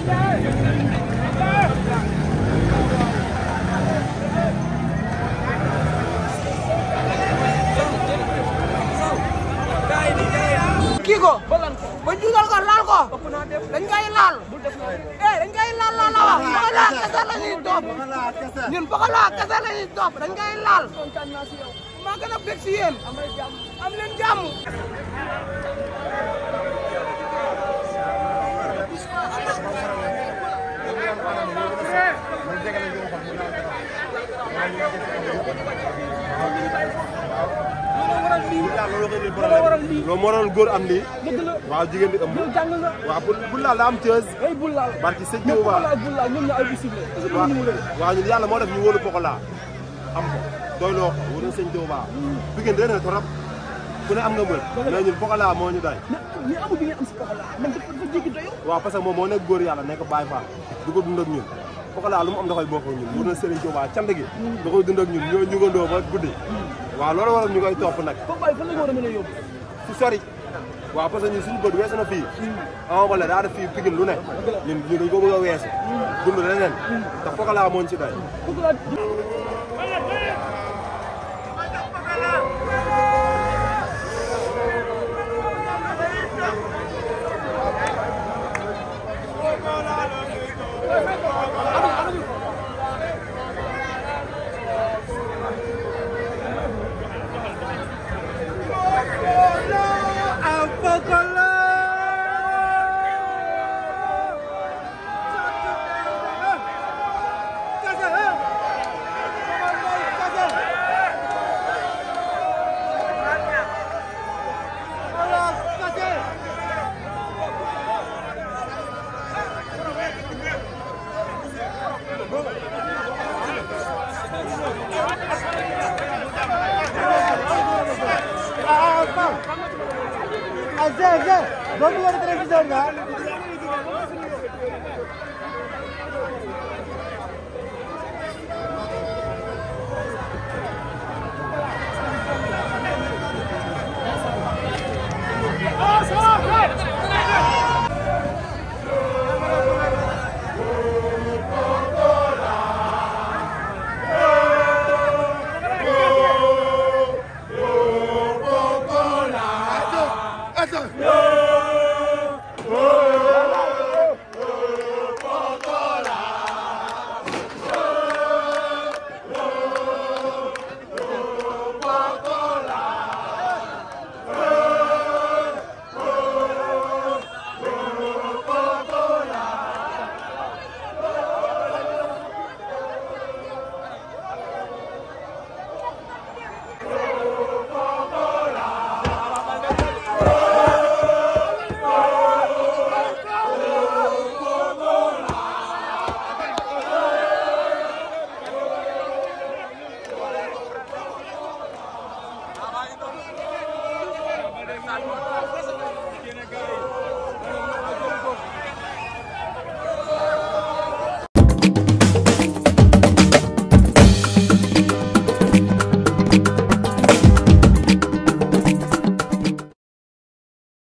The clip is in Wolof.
kii ko ba lan ba juutal dañ koy laal eh, dañ koy laal laal la wax ba laal kese la ñuy topp ñun ba laal kese la ñuy dañ koy laal maa gën a bég si am leen jàmm loolu moo doon góor am lii. dëgg la waaw jigéen di ëmb. loolu jàng laal la am teuse. ay bu laal barki sëñ bi waaw mais bu laal ñoom ñoo ay bisimilah. la ce que ñu waaw ñun yàlla moo def na wóolu Pokola am ko doyloo ko wóolu sëñ hmm. na trop ku ne am nga mbër. mais ñun Pokola moo ñu doy. mais am si Pokola man moo nekk yàlla nekk Baye du ko dund mu da koy bokk ak ñun. wóor na Serigne Touba cant gi. Hmm. da koy dund ak ñun ñoo ñu gëndoo ba guddi. Hmm. waaw loolu waral ñu koy fu sori waaw parce que ñun suñu na fii hmm. ama bala daa def fii pigin lu ne ñun ñu dañ ko bëgg a weesu hmm. dund leneen ndax Pokola mooñ si day Boko ఎగ్జా ఎగ్జా బొమ్మ కొడుతున్నారు sir Saloum